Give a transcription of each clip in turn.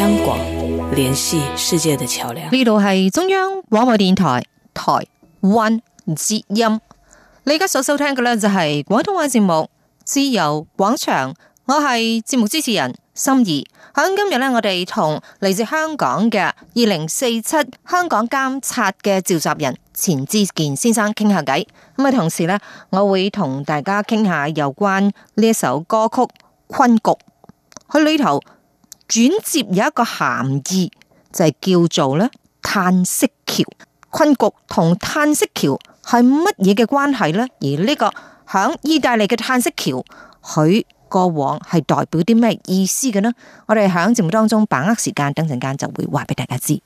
香港聯繫世界的橋樑。呢度係中央廣播電台台灣節音。你而家所收聽嘅呢，就係廣東話節目《自由廣場》。我係節目主持人心儀。喺今日呢，我哋同嚟自香港嘅二零四七香港監察嘅召集人錢志健先生傾下偈。咁啊，同時呢，我會同大家傾下有關呢一首歌曲《困局》喺裏頭。轉接有一個含義，就係、是、叫做咧嘆息橋。困局同嘆息橋係乜嘢嘅關係呢？而呢個響意大利嘅嘆息橋，佢過往係代表啲咩意思嘅呢？我哋響節目當中把握時間，等陣間就會話俾大家知。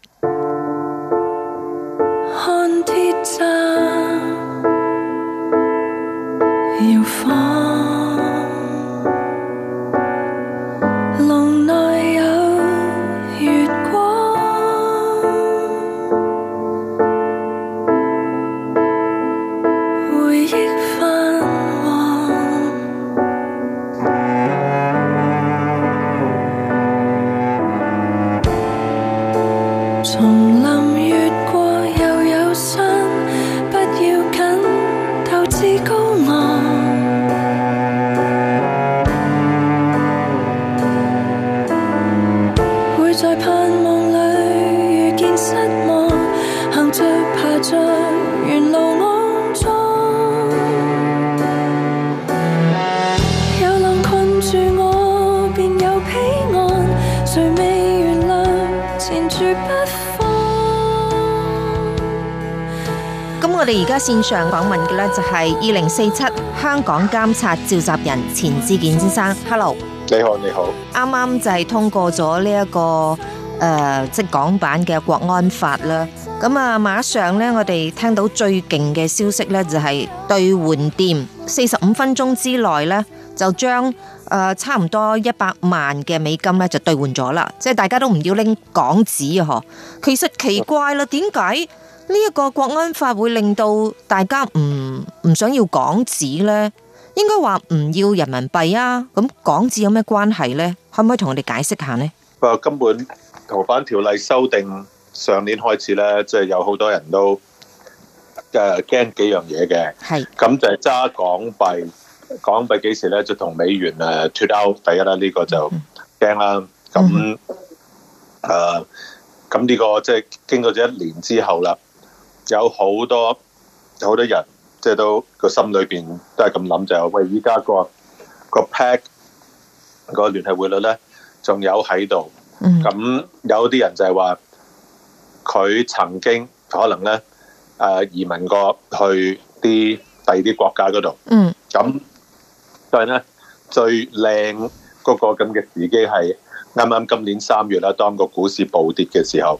線上訪問嘅咧就係二零四七香港監察召集人錢志健先生，hello，你好你好。啱啱就係通過咗呢一個誒，即港版嘅國安法啦，咁啊馬上咧我哋聽到最勁嘅消息咧就係兌換店四十五分鐘之內咧就將誒差唔多一百萬嘅美金咧就兌換咗啦，即係大家都唔要拎港紙啊嗬。其實奇怪啦，點解？呢一個國安法會令到大家唔唔想要港紙咧，應該話唔要人民幣啊？咁港紙有咩關係咧？可唔可以同我哋解釋下咧？不過根本逃犯條例修訂上年開始咧，即係有好多人都誒驚幾樣嘢嘅，係咁就係揸港幣，港幣幾時咧就同美元誒脫鈎第一啦，呢個就驚啦。咁誒，咁呢個即係經過咗一年之後啦。有好多有好多人，即係都個心裏邊都係咁諗，就係喂，依家個個 pack 個聯繫匯率咧，仲有喺度。咁有啲人就係話，佢曾經可能咧誒移民過去啲第二啲國家嗰度。嗯。咁但係咧最靚嗰個咁嘅時機係啱啱今年三月啦，當個股市暴跌嘅時候，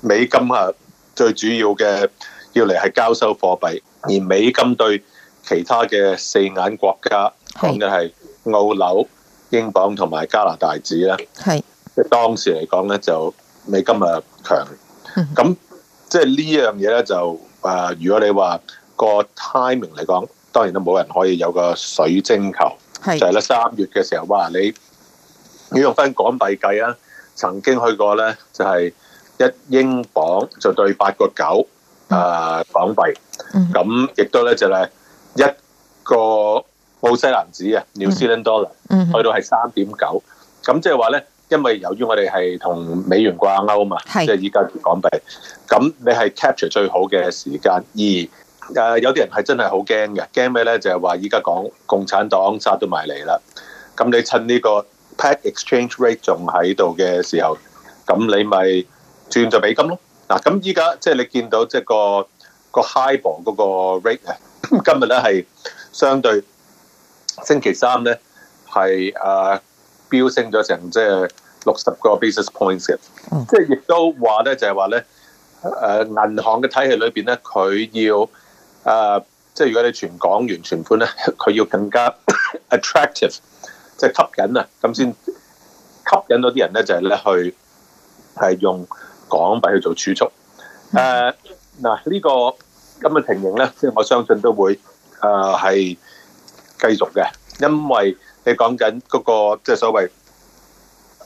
美金啊！最主要嘅要嚟係交收貨幣。而美金對其他嘅四眼國家講嘅係澳紐英鎊同埋加拿大紙啦。係，即係當時嚟講咧，就美金啊強咁。即係呢樣嘢咧，就誒、呃、如果你話個 timing 嚟講，當然都冇人可以有個水晶球，是是就係咧三月嘅時候哇，你你用翻港幣計啊，曾經去過咧就係、是。一英鎊就對八個九啊港幣，咁亦都咧就係一個澳西蘭紙啊，紐西蘭 dollar 去到係三點九，咁即係話咧，因為由於我哋係同美元掛鈎嘛，即係依家跌港幣，咁你係 capture 最好嘅時間而，誒有啲人係真係好驚嘅，驚咩咧？就係話依家講共產黨殺都埋嚟啦，咁你趁呢個 pegged exchange rate 仲喺度嘅時候，咁你咪。轉比就俾金咯，嗱，咁依家即係你見到即係個個 HIBOR 嗰個 rate 咧， 今日咧係相對星期三咧係啊飆升咗成即係六十個 basis points 嘅，即係亦都話咧就係話咧誒銀行嘅體系裏邊咧，佢要誒即係如果你全港元存款咧，佢要更加 attractive，即係吸引啊，咁先吸引到啲人咧就係咧去係用。港幣去做儲蓄，誒嗱呢個咁嘅情形咧，即係我相信都會誒係、uh, 繼續嘅，因為你講緊嗰個即係、就是、所謂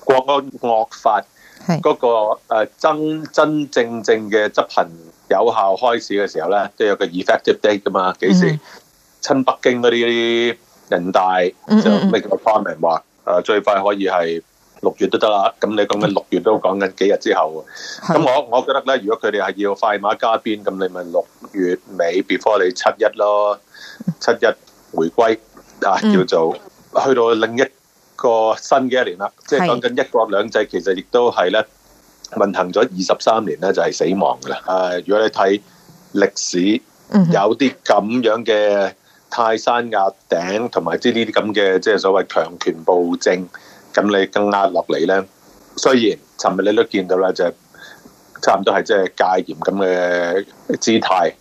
國安惡法、那個，嗰個真真正正嘅執行有效開始嘅時候咧，即係有個 effective date 噶嘛，幾時？Mm-hmm. 親北京嗰啲人大、mm-hmm. 就 make 個 comment 話誒最快可以係。六月都得啦，咁你講緊六月都講緊幾日之後，咁我我覺得咧，如果佢哋係要快馬加鞭，咁你咪六月尾 before 你七一咯，七一回歸、嗯、啊，叫做去到另一個新嘅一年啦。即係講緊一國兩制，其實亦都係咧運行咗二十三年咧，就係死亡噶啦。誒、啊，如果你睇歷史有啲咁樣嘅泰山壓頂，同埋即係呢啲咁嘅，即、就、係、係、所謂強權暴政。咁你更壓落嚟咧，雖然尋日你都見到啦，就係差唔多係即係戒嚴咁嘅姿態。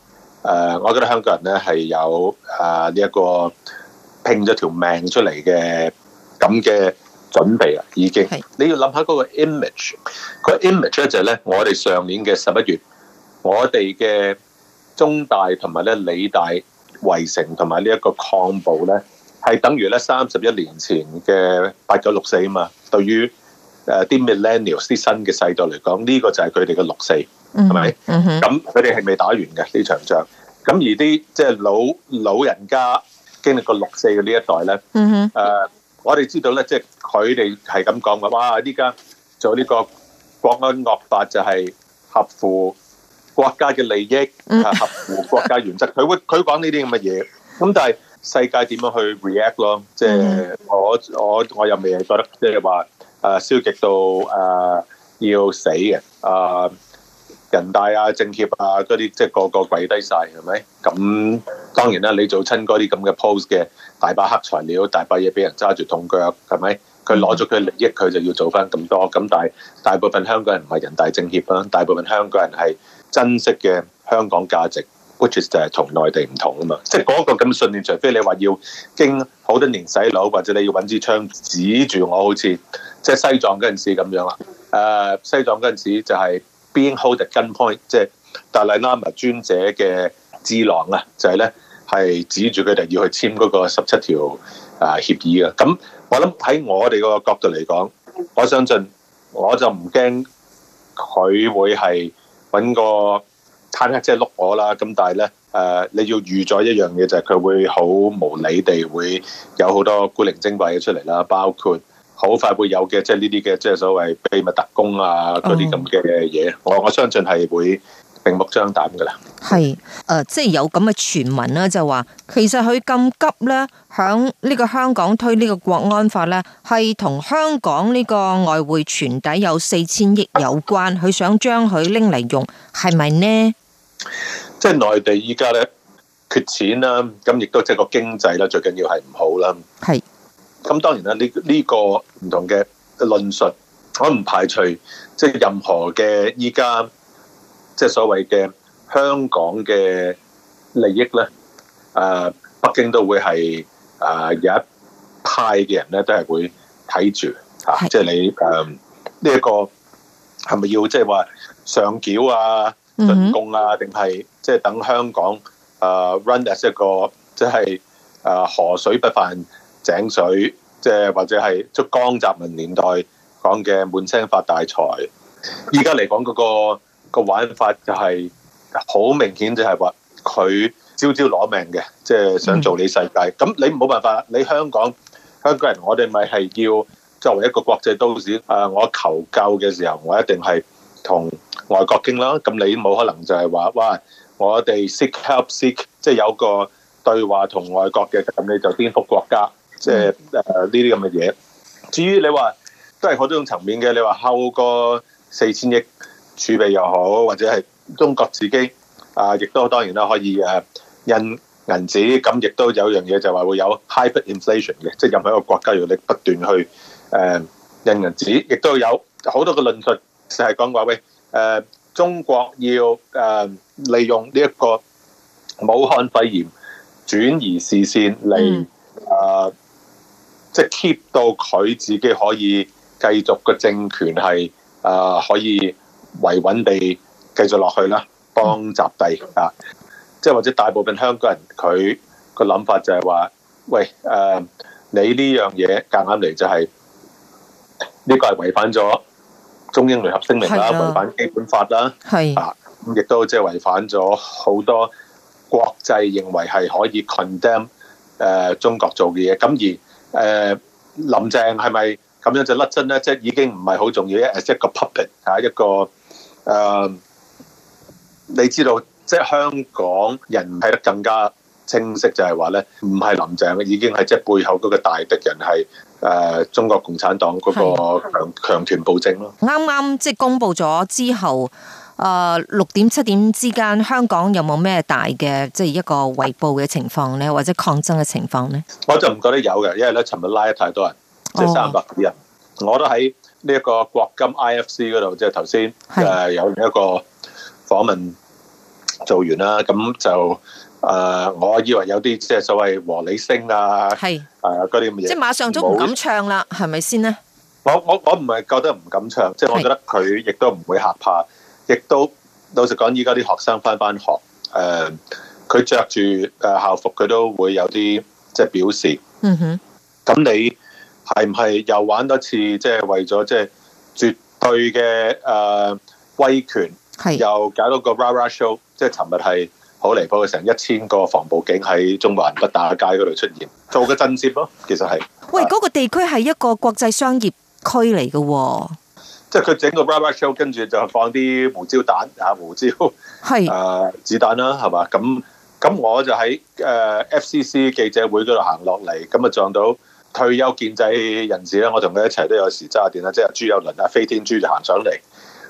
誒，我覺得香港人咧係有誒呢一個拼咗條命出嚟嘅咁嘅準備啊，已經。係你要諗下嗰個 image，個 image 就係咧，我哋上年嘅十一月，我哋嘅中大同埋咧理大、圍城同埋呢一個抗暴咧。係等於咧三十一年前嘅八九六四啊嘛，對於誒啲 Millennials 啲新嘅世代嚟講，呢個就係佢哋嘅六四，係、嗯、咪？咁佢哋係未打完嘅呢場仗。咁而啲即係老老人家經歷過六四嘅呢一代咧，誒、嗯呃，我哋知道咧，即係佢哋係咁講嘅。哇！依家做呢個國安惡法就係合乎國家嘅利益、嗯，合乎國家原則。佢會佢講呢啲咁嘅嘢，咁但係。世界點樣去 react 咯？即係我我我又未係覺得即係話誒消極到誒啊要死嘅誒啊人大啊政協啊嗰啲即係個個跪低晒，係咪？咁當然啦，你做親嗰啲咁嘅 post 嘅大把黑材料，大把嘢俾人揸住痛腳係咪？佢攞咗佢利益，佢就要做翻咁多。咁但係大部分香港人唔係人大政協啦，大部分香港人係珍惜嘅香港價值。which 就係同內地唔同啊嘛，即係嗰個咁嘅信念，除非你話要經好多年洗腦，或者你要揾支槍指住我，好似即係西藏嗰陣時咁樣啦。誒、啊，西藏嗰陣時就係 being h o l d e d g p o i n t 即係達賴喇嘛尊者嘅支囊啊，就係咧係指住佢哋要去簽嗰個十七條啊協議啊。咁我諗喺我哋個角度嚟講，我相信我就唔驚佢會係揾個。坦克即係碌我啦，咁但係咧，誒你要預咗一樣嘢，就係佢會好無理地會有好多古靈精怪出嚟啦，包括好快會有嘅即係呢啲嘅即係所謂秘密特工啊嗰啲咁嘅嘢，我我相信係會明目張膽㗎啦。係，誒即係有咁嘅傳聞啦，就話其實佢咁急咧，響呢個香港推呢個國安法咧，係同香港呢個外匯存底有四千億有關，佢想將佢拎嚟用係咪呢？即係內地依家咧缺錢啦，咁亦都即係個經濟啦，最緊要係唔好啦。係，咁當然啦，呢呢個唔同嘅論述，我唔排除即係任何嘅依家，即係所謂嘅香港嘅利益咧，誒，北京都會係誒有一派嘅人咧，都係會睇住吓，即係你誒呢一個係咪要即係話上繳啊？進攻啊，定係即係等香港誒 run as 一個即係誒河水不犯井水，即係或者係出江澤民年代講嘅滿清發大財。依家嚟講嗰個個玩法就係好明顯，就係話佢朝朝攞命嘅，即係想做你世界。咁你冇辦法，你香港香港人，我哋咪係要作為一個國際都市誒，我求救嘅時候，我一定係同。外國經啦，咁你冇可能就係話，哇！我哋 seek help seek，即係有個對話同外國嘅，咁你就顛覆國家，即係誒呢啲咁嘅嘢。至於你話都係好多種層面嘅，你話扣個四千億儲備又好，或者係中國自己啊，亦都當然啦，可以誒印銀紙，咁亦都有樣嘢就話會有 hyper inflation 嘅，即係任何一個國家如果你不斷去誒印銀紙，亦都有好多嘅論述，就係講話喂。誒、呃，中國要誒、呃、利用呢一個武漢肺炎轉移視線嚟，誒即係 keep 到佢自己可以繼續個政權係誒、呃、可以維穩地繼續落去啦，幫習帝。啊，即係或者大部分香港人佢個諗法就係話，喂誒、呃、你呢樣嘢夾硬嚟就係、是、呢、這個係違反咗。中英聯合聲明啦、啊，違反基本法啦、啊，啊，咁亦都即係違反咗好多國際認為係可以 condemn 誒中國做嘅嘢。咁而誒、呃、林鄭係咪咁樣呢就甩真咧？即係已經唔係好重要，一即係一個 puppet 嚇一個誒、呃。你知道即係、就係、香港人睇得更加清晰就係話，就係話咧，唔係林鄭已經係即係背後嗰個大敵人係。誒、呃，中國共產黨嗰個強強，強權暴政咯。啱啱即係公布咗之後，誒、呃、六點七點之間，香港有冇咩大嘅即係一個圍捕嘅情況咧，或者抗爭嘅情況咧？我就唔覺得有嘅，因為咧，尋日拉得太多人，即係三百幾人，我都喺呢一個國金 I F C 嗰度，即係頭先誒有一個訪問做完啦，咁就。誒、呃，我以為有啲即係所謂和理非啊，係誒嗰啲咁嘅嘢，即係馬上都唔敢唱啦，係咪先咧？我我我唔係覺得唔敢唱，即係、就是、我覺得佢亦都唔會嚇怕，亦都老實講，依家啲學生返返學，誒、呃，佢着住誒校服，佢都會有啲即係表示。嗯哼，咁你係唔係又玩多次？即、就、係、是、為咗即係絕對嘅誒、呃、威權，係又搞到個 Rara Show？即係尋日係。就是.好離譜嘅，成一千個防暴警喺中環畢打街嗰度出現，做個震懾咯、啊，其實係。喂，嗰、啊那個地區係一個國際商業區嚟嘅，即係佢整個 b r a b a r show，跟住就放啲胡椒彈，椒是啊，胡椒係啊子彈啦，係嘛，咁咁我就喺誒 FCC 記者會嗰度行落嚟，咁啊撞到退休建制人士咧，我同佢一齊都有時揸下電啊，即係朱友倫啊，飛天豬就行上嚟，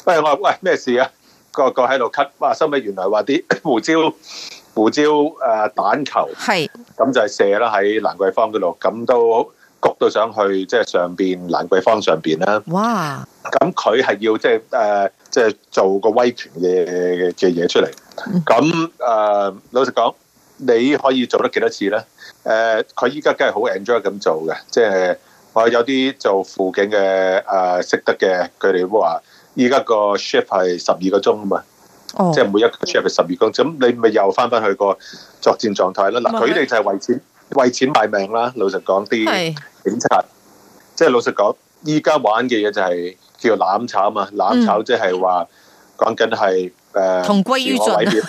喂，我話喂咩事啊？個個喺度咳，哇！收尾原來話啲胡椒、胡椒誒、啊、蛋球，咁就係射啦喺蘭桂坊嗰度，咁都焗到上去，即、就、係、是、上邊蘭桂坊上邊啦。哇！咁佢係要即係誒，即、就、係、是啊就是、做個威權嘅嘅嘢出嚟。咁、嗯、誒、啊，老實講，你可以做得幾多次咧？誒、啊，佢依家梗係好 enjoy 咁做嘅，即、就、係、是、我有啲做輔警嘅誒識得嘅，佢哋話。依家個 shift 係十二個鐘嘛，oh, 即係每一個 shift 係十二個鐘，咁、嗯、你咪又翻翻去個作戰狀態啦。嗱，佢哋就係為錢為錢賣命啦。老實講啲警察，即係、就是、老實講，依家玩嘅嘢就係叫攬炒啊嘛，攬炒即係話講緊係誒，同歸於盡，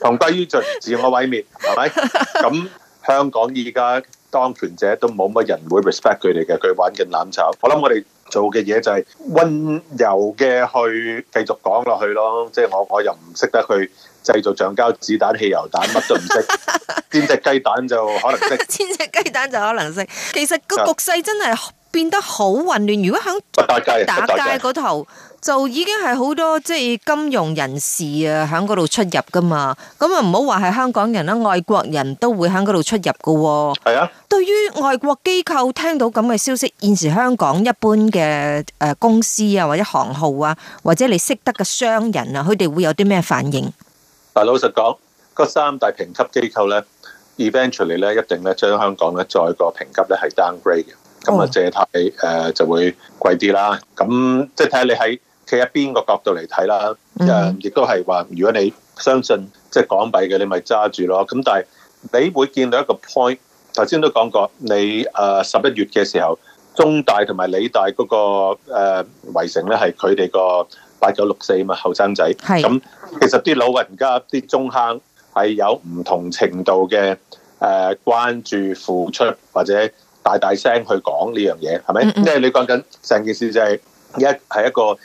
同歸於盡，自我毀滅係咪？咁 香港依家當權者都冇乜人會 respect 佢哋嘅，佢玩緊攬炒。Oh. 我諗我哋。做嘅嘢就係溫柔嘅去繼續講落去咯，即係我我又唔識得去製造橡膠子彈、汽油彈，乜都唔識，煎隻雞蛋就可能識， 煎隻雞蛋就可能識。其實個局勢真係。變得好混亂。如果喺打街嗰頭，就已經係好多即係金融人士啊，喺嗰度出入噶嘛。咁啊，唔好話係香港人啦，外國人都會喺嗰度出入噶。係啊。對於外國機構聽到咁嘅消息，現時香港一般嘅誒公司啊，或者行號啊，或者你識得嘅商人啊，佢哋會有啲咩反應？但老實講，嗰三大評級機構咧，eventually 咧，一定咧將香港咧再過評級咧係 downgrade 嘅。今日借貸誒就會貴啲啦。咁即係睇下你喺企喺邊個角度嚟睇啦。誒，亦都係話，如果你相信即係港幣嘅，你咪揸住咯。咁但係你會見到一個 point，頭先都講過，你誒十一月嘅時候，中大同埋理大嗰個誒圍城咧，係佢哋個八九六四嘛後生仔。係咁，其實啲老人家啲中坑係有唔同程度嘅誒關注、付出或者。大大聲去講呢樣嘢，係咪？即係你講緊成件事就係一係一個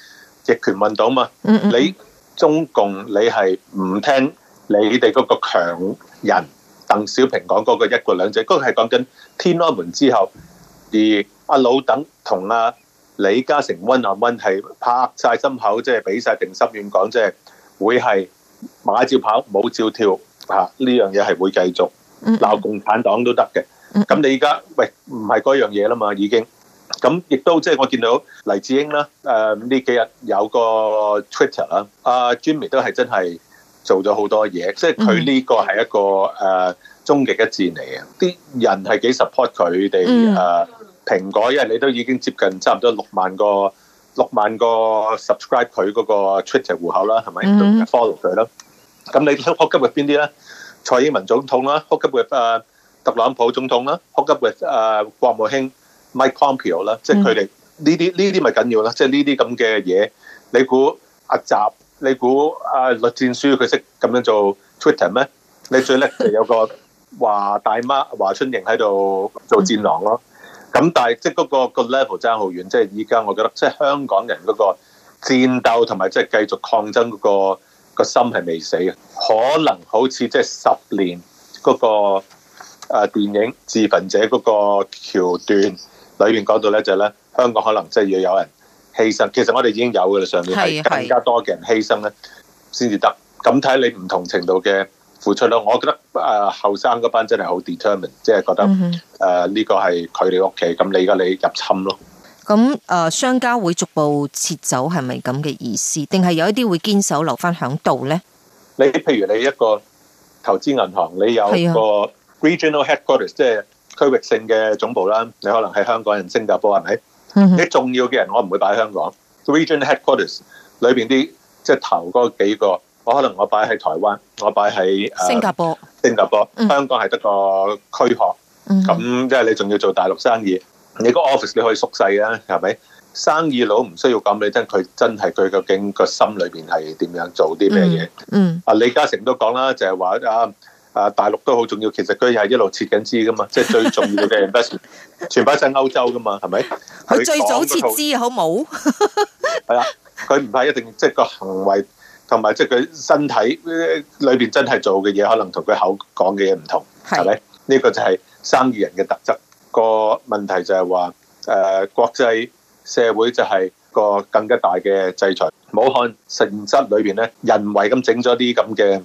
極權運動嘛。你中共你係唔聽你哋嗰個強人鄧小平講嗰個一國兩制，嗰個係講緊天安門之後，而阿老鄧同阿李嘉誠溫啊溫係拍晒心口，即係俾晒定心丸，講即係會係馬照跑，舞照跳，吓呢樣嘢係會繼續鬧共產黨都得嘅。咁你依家喂，唔係嗰樣嘢啦嘛，已經咁亦都即係我見到黎智英啦，誒呢幾日有個 Twitter 啊，阿 Jimmy 都係真係做咗好多嘢，即係佢呢個係一個誒終極一戰嚟嘅，啲人係幾 support 佢哋誒蘋果，因為你都已經接近差唔多六萬個六萬個 subscribe 佢嗰個 Twitter 戶口啦，係咪都 follow 佢啦。咁你 hold 緊入邊啲咧？蔡英文總統啦，hold 緊入誒。特朗普總統啦，好急嘅誒國務卿 Mike Pompeo 啦，即係佢哋呢啲呢啲咪緊要啦，即係呢啲咁嘅嘢。你估阿習？你估阿栗戰書佢識咁樣做 Twitter 咩？你最叻就有個華大媽華春瑩喺度做戰狼咯。咁但係即係嗰個個 level 爭好遠，即係依家我覺得即係香港人嗰個戰鬥同埋即係繼續抗爭嗰個個心係未死嘅，可能好似即係十年嗰個。啊！電影《自焚者》嗰、那個橋段裏邊講到咧，就係咧香港可能即係要有人犧牲。其實我哋已經有嘅啦，上面係更加多嘅人犧牲咧先至得。咁睇你唔同程度嘅付出咯。我覺得誒後生嗰班真係好 determined，即係覺得誒呢個係佢哋屋企，咁你而家你入侵咯。咁誒商家會逐步撤走，係咪咁嘅意思？定係有一啲會堅守留翻響度咧？你譬如你一個投資銀行，你有一個。Regional headquarters 即係區域性嘅總部啦，你可能係香港人、新加坡係咪？你、mm-hmm. 重要嘅人我唔會擺喺香港。Regional headquarters 裏邊啲即係頭嗰幾個，我可能我擺喺台灣，我擺喺新加坡，啊、新加坡、mm-hmm. 香港係得個區學。咁、mm-hmm. 即係你仲要做大陸生意，你個 office 你可以縮細啦，係咪？生意佬唔需要講俾你聽佢真佢真係佢究竟個心裏面係點樣做啲咩嘢？嗯，啊李嘉誠都講啦，就係話啊。啊！大陸都好重要，其實佢又係一路設緊資㗎嘛，即係最重要嘅 investment。全擺晒喺歐洲㗎嘛，係咪？佢最早設資，好冇？係啊，佢唔怕一定即係個行為同埋即係佢身體裏邊真係做嘅嘢，可能同佢口講嘅嘢唔同，係咪？呢個就係生意人嘅特質。個問題就係話，誒國際社會就係個更加大嘅制裁。武漢實驗室裏邊咧，人為咁整咗啲咁嘅。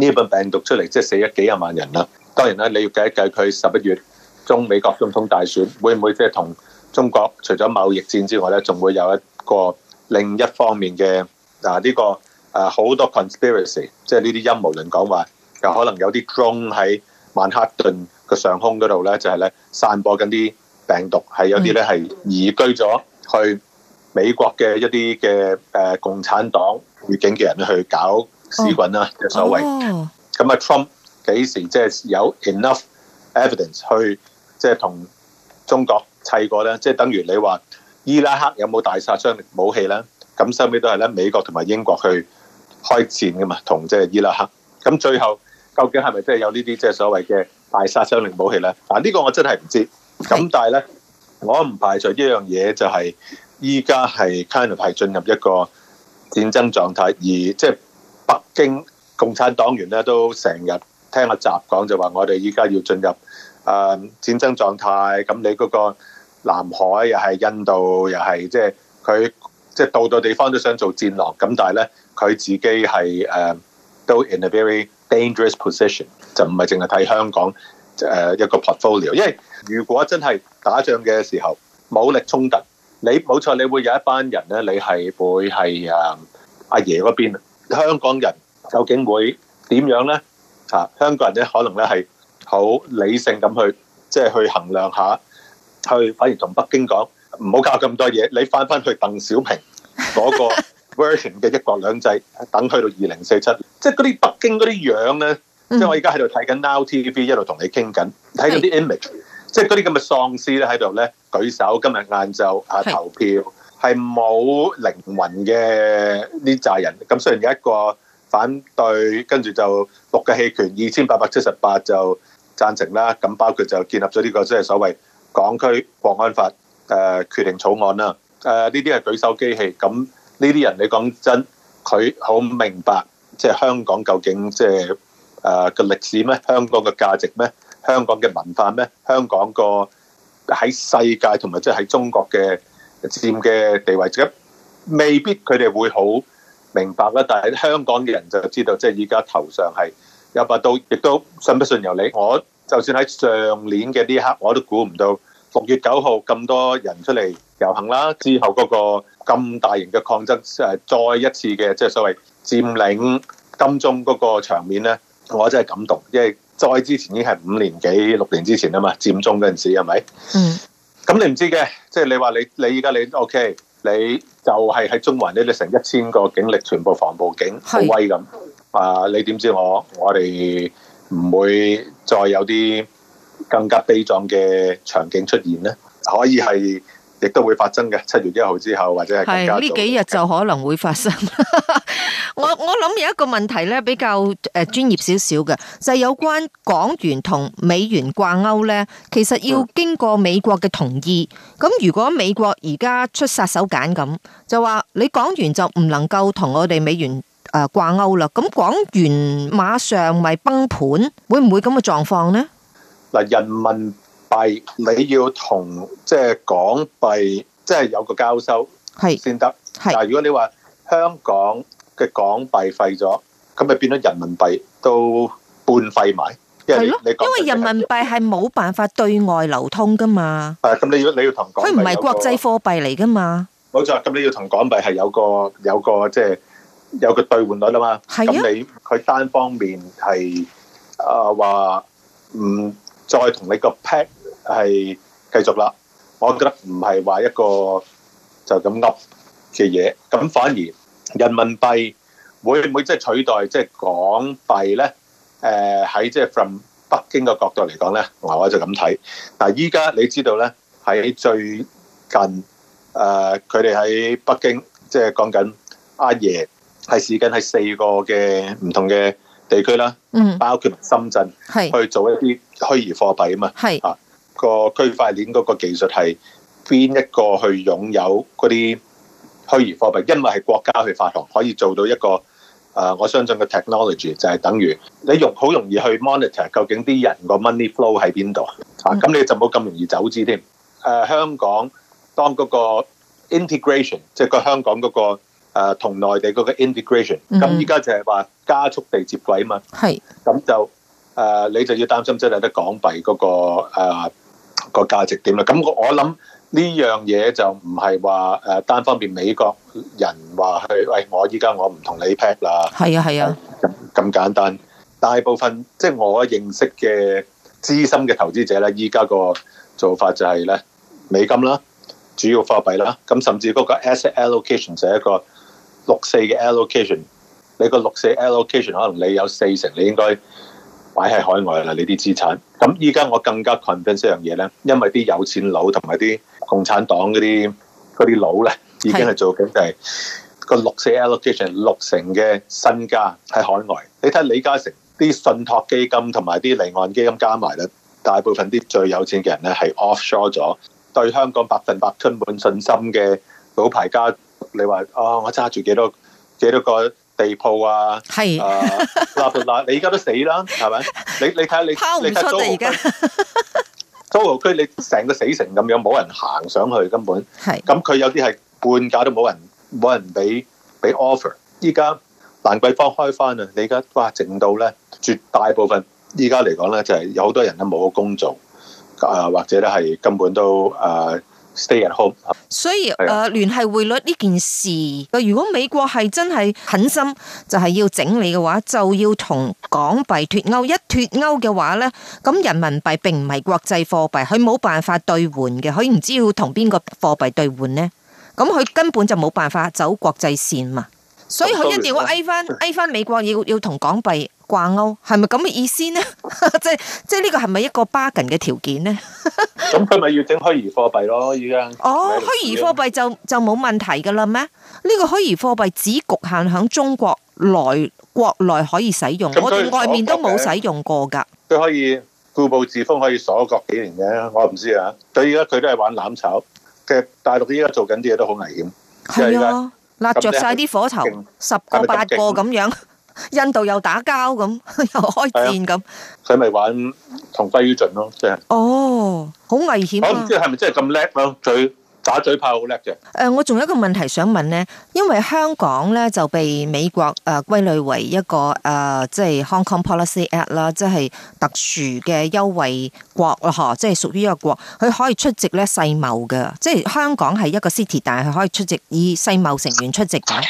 呢、這、份、個、病毒出嚟，即係死咗幾廿萬人啦。當然啦，你要計一計佢十一月中美國總統大選會唔會，即係同中國除咗貿易戰之外咧，仲會有一個另一方面嘅嗱呢個誒好、啊、多 conspiracy，即係呢啲陰謀論講話，有可能有啲 drone 喺曼哈頓個上空嗰度咧，就係、是、咧散播緊啲病毒，係有啲咧係移居咗去美國嘅一啲嘅誒共產黨背景嘅人去搞。屎棍啦，即係所謂。咁啊，Trump 幾時即係有 enough evidence 去即係同中國砌過咧？即係等於你話伊拉克有冇大殺傷力武器咧？咁收尾都係咧，美國同埋英國去開戰噶嘛，同即係伊拉克。咁最後究竟係咪真係有呢啲即係所謂嘅大殺傷力武器咧？嗱，呢個我真係唔知。咁但係咧，我唔排除一樣嘢就係依家係 kind of 係進入一個戰爭狀態，而即係。北京共產黨員咧，都成日聽阿習講就話我哋依家要進入、呃、戰爭狀態，態，咁你嗰個南海又係印度又係，即係佢即係到到地方都想做戰狼，咁但係咧佢自己係誒、呃、都 in a very dangerous position，就唔係淨係睇香港誒、呃、一個 portfolio，因為如果真係打仗嘅時候武力衝突，你冇錯你會有一班人咧，你係會係誒阿爺嗰邊。香港人究竟會點樣咧？嚇、啊，香港人咧可能咧係好理性咁去，即係去衡量下，去反而同北京講唔好搞咁多嘢。你翻翻去鄧小平嗰個 version 嘅一國兩制， 等去到二零四七，即係嗰啲北京嗰啲樣咧，即係我而家喺度睇緊 Now TV，一路同你傾緊，睇緊啲 image，即係嗰啲咁嘅喪屍咧喺度咧舉手今天，今日晏晝啊投票。係冇靈魂嘅呢紮人，咁雖然有一個反對，跟住就六嘅棄權，二千八百七十八就贊成啦。咁包括就建立咗呢、這個即係、就是、所謂港區國安法、誒、呃、決定草案啦。誒呢啲係舉手機器，咁呢啲人你講真的，佢好明白即係、就是、香港究竟即係誒個歷史咩？香港嘅價值咩？香港嘅文化咩？香港個喺世界同埋即係喺中國嘅。佔嘅地位，未必佢哋會好明白啦。但係香港嘅人就知道，即係依家頭上係有白度，亦都信不信由你。我就算喺上年嘅呢一刻，我都估唔到六月九號咁多人出嚟遊行啦。之後嗰個咁大型嘅抗爭，誒，再一次嘅即係所謂佔領金鐘嗰個場面咧，我真係感動。因為再之前已經係五年幾、六年之前啊嘛，佔中嗰陣時係咪？嗯。咁你唔知嘅，即係你話你你而家你 OK，你就係喺中環呢度成一千個警力全部防暴警好威咁。啊，你點知我？我哋唔會再有啲更加悲壯嘅場景出現咧，可以係亦都會發生嘅。七月一號之後或者係，係呢幾日就可能會發生。 咁有一個問題咧，比較誒專業少少嘅，就係有關港元同美元掛鈎咧，其實要經過美國嘅同意。咁如果美國而家出殺手鐧咁，就話你港元就唔能夠同我哋美元誒掛鈎啦。咁港元馬上咪崩盤，會唔會咁嘅狀況呢？嗱，人民幣你要同即係港幣，即係有個交收係先得。係嗱，如果你話香港。嘅港幣廢咗，咁咪變咗人民幣都半廢埋，因為你因為人民幣係冇辦法對外流通噶嘛。啊，咁你要你要同港幣佢唔係國際貨幣嚟噶嘛？冇錯，咁你要同港幣係有個有個即係有個兌換率啊嘛。係啊，咁你佢單方面係啊話唔再同你個 pack 係繼續啦。我覺得唔係話一個就咁噏嘅嘢，咁反而。人民幣會唔會即係取代即係港幣咧？誒，喺即係 from 北京嘅角度嚟講咧，我我就咁睇。嗱，依家你知道咧，喺最近誒，佢哋喺北京即係講緊阿爺，係試緊喺四個嘅唔同嘅地區啦，嗯，包括深圳，係去做一啲虛擬貨幣啊嘛，係啊個區塊鏈嗰個技術係邊一個去擁有嗰啲？虛擬貨幣，因為係國家去發行，可以做到一個我相信嘅 technology 就係等於你用好容易去 monitor 究竟啲人個 money flow 喺邊度啊？咁你就冇咁容易走資添、啊。香港當嗰個 integration 即係個香港嗰、嗰個同、啊、內地嗰個 integration，咁依家就係話加速地接軌啊嘛。咁、mm-hmm. 就、啊、你就要擔心真係有得港幣嗰、嗰個誒、啊、價值點啦。咁我我諗。呢樣嘢就唔係話誒單方面美國人話去，喂我依家我唔同你 peg 啦。係啊係啊，咁簡單。大部分即係、就是、我認識嘅資深嘅投資者咧，依家個做法就係咧美金啦，主要貨幣啦。咁甚至嗰個 asset allocation 就係一個六四嘅 allocation。你個六四 allocation，可能你有四成，你應該擺喺海外啦。你啲資產。咁依家我更加 confident 呢樣嘢咧，因為啲有錢佬同埋啲共產黨嗰啲嗰啲佬咧，已經係做緊、就係，係個六四 allocation 六成嘅身家喺海外。你睇李嘉誠啲信託基金同埋啲離岸基金加埋咧，大部分啲最有錢嘅人咧係 offshore 咗，對香港百分百充滿信心嘅老牌家。你話啊、哦，我揸住幾多幾多個地鋪啊？係啊，嗱， 你而家都死啦，係咪？你你睇下你，拋唔出而家。中豪區你成個死城咁樣，冇人行上去，根本。係。咁佢有啲係半價都冇人冇人俾俾 offer。依家蘭桂坊開翻啊，你而家哇，剩到咧絕大部分依家嚟講咧就係、是、有好多人都冇咗工做，啊或者咧係根本都啊。呃 Stay at home. 所以，誒、呃、聯繫匯率呢件事，如果美國係真係狠心，就係要整理嘅話，就要同港幣脱歐。一脱歐嘅話呢，咁人民幣並唔係國際貨幣，佢冇辦法兌換嘅，佢唔知要同邊個貨幣兌換呢？咁佢根本就冇辦法走國際線嘛。所以佢一定要嗌翻嗌翻美國要要同港幣掛鈎，係咪咁嘅意思呢？即即呢個係咪一個 bargain 嘅條件呢？咁佢咪要整虛擬貨幣咯？而家哦，虛擬貨幣就就冇問題噶啦咩？呢個虛擬貨幣只局限響中國內國內可以使用，我哋外面都冇使用過噶。佢可以固步自封，可以鎖國幾年嘅，我唔知啊。所而家佢都係玩攬炒嘅。其實大陸而家做緊啲嘢都好危險，係啊。拉着晒啲火頭，十個八個咁樣是是，印度又打交咁，又開戰咁，佢咪、啊、玩同歸於盡咯，即、就、係、是。哦，好危險啊！我唔知係咪真係咁叻咯，最。打嘴炮好叻啫！誒，我仲有一個問題想問咧，因為香港咧就被美國誒歸類為一個誒，即係 Hong Kong Policy Act 啦，即係特殊嘅優惠國咯，即係屬於一個國，佢可以出席咧世貿嘅，即係香港係一個 city，但係佢可以出席以世貿成員出席嘅。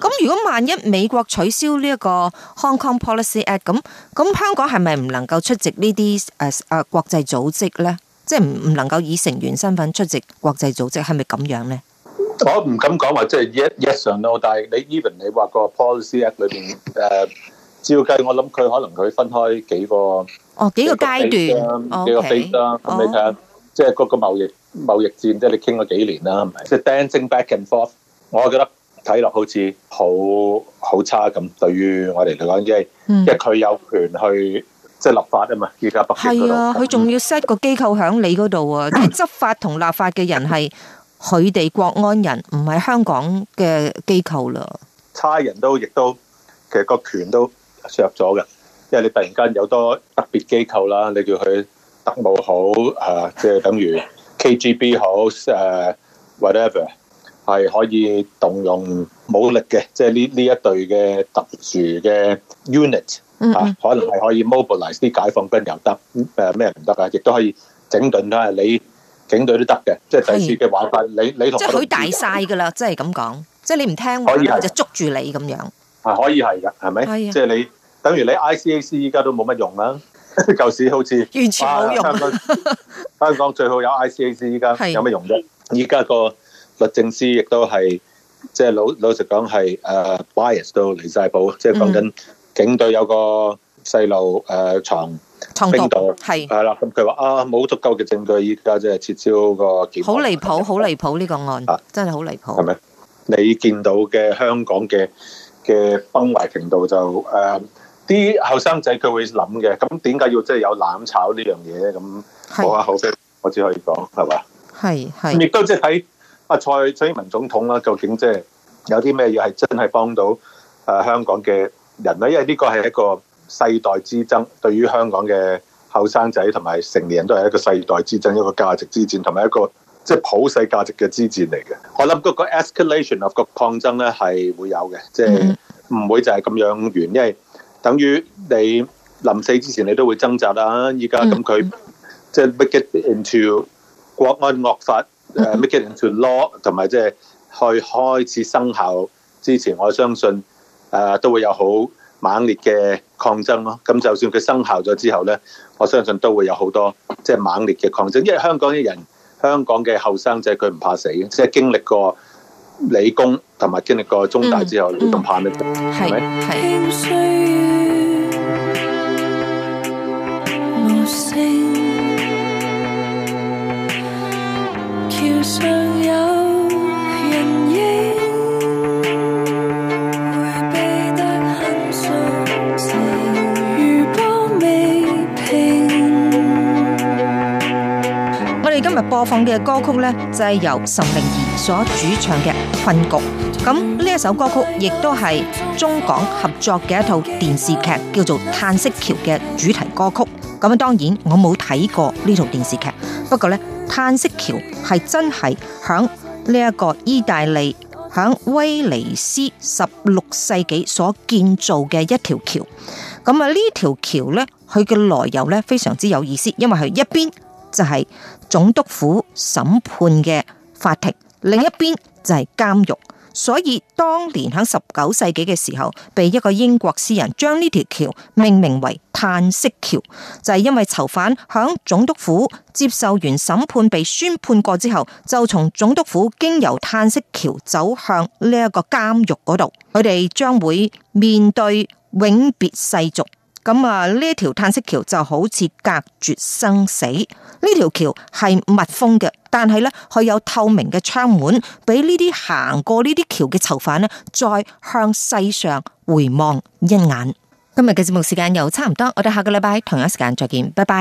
咁如果萬一美國取消呢一個 Hong Kong Policy Act，咁咁香港係咪唔能夠出席呢啲誒誒國際組織咧？即係唔唔能夠以成員身份出席國際組織，係咪咁樣咧？我唔敢講話，即係 yes or no 咯。但係你 even 你話個 policy 裏邊誒，照計我諗佢可能佢分開幾個哦幾個階段，幾個 phase 啦。咁你睇下，即係個個貿易貿易戰，即係你傾咗幾年啦，即係 dancing back and forth。我覺得睇落好似好好差咁，對於我哋嚟講，即係即係佢有權去。即係立法啊嘛，而家北。係啊，佢仲要 set 個機構喺你嗰度啊！即係執法同立法嘅人係佢哋國安人，唔係香港嘅機構啦。差人都亦都其實個權都削咗嘅，因為你突然間有多特別機構啦，你叫佢特務好啊，即係等於 KGB 好誒啊，whatever 係可以動用武力嘅，即係呢呢一隊嘅特殊嘅 unit。嗯，嗯、啊，可能係可以 mobilize 啲解放軍又得，誒咩唔得㗎？亦都可以整頓啦，你警隊都得嘅，即係第四嘅玩法。你你同即係佢大晒噶啦，即係咁講，即係你唔聽話，就捉、是、住你咁樣。係可以係噶，係咪？係啊，即係你等於你 ICAC 依家都冇乜用啦。舊 時好似完全冇用香。香港最好有 ICAC，依家有乜用啫？依家個律政司亦都係，即、就、係、是、老老實講係誒 bias 都離晒譜，即係講緊。嗯嗯。警隊有個細路誒藏冰毒係係啦，咁佢話啊冇足夠嘅證據，依家即係撤銷個檢。好離譜，好離譜呢個案、啊、真係好離譜。係咪你見到嘅香港嘅嘅崩壞程度就誒啲後生仔佢會諗嘅，咁點解要即係有攬炒這件事呢樣嘢咧？咁好啊，好嘅，我只可以講係嘛，係係。亦都即係喺阿蔡蔡英文總統啦，究竟即係有啲咩嘢係真係幫到誒香港嘅？人咧，因為呢個係一個世代之爭，對於香港嘅後生仔同埋成年人都係一個世代之爭，一個價值之戰，同埋一個即係普世價值嘅之戰嚟嘅。我諗嗰個 escalation of 個抗爭咧係會有嘅，即係唔會就係咁樣完，因為等於你臨死之前你都會掙扎啦。依家咁佢即係 make it into 國安惡法，誒 make it into law，同埋即係去開始生效之前，我相信。誒都會有好猛烈嘅抗爭咯，咁就算佢生效咗之後呢，我相信都會有好多即係、就是、猛烈嘅抗爭，因為香港啲人，香港嘅後生仔佢唔怕死即係、就是、經歷過理工同埋經歷過中大之後，你、嗯、仲怕咩？係、嗯、咪？播放嘅歌曲呢，就係由岑寧兒所主唱嘅《困局》。咁呢一首歌曲，亦都係中港合作嘅一套電視劇，叫做《嘆息橋》嘅主題歌曲。咁啊，當然我冇睇過呢套電視劇。不過呢，《嘆息橋》係真係響呢一個意大利響威尼斯十六世紀所建造嘅一條橋。咁啊，呢條橋呢，佢嘅來由呢，非常之有意思，因為佢一邊。就係總督府審判嘅法庭，另一邊就係監獄。所以當年喺十九世紀嘅時候，被一個英國詩人將呢條橋命名為嘆息橋，就係因為囚犯響總督府接受完審判被宣判過之後，就從總督府經由嘆息橋走向呢一個監獄嗰度，佢哋將會面對永別世俗。咁啊！呢條嘆息橋就好似隔絕生死。呢條橋係密封嘅，但係呢，佢有透明嘅窗門，俾呢啲行過呢啲橋嘅囚犯呢，再向世上回望一眼。今日嘅節目時間又差唔多，我哋下個禮拜同一時間再見，拜拜。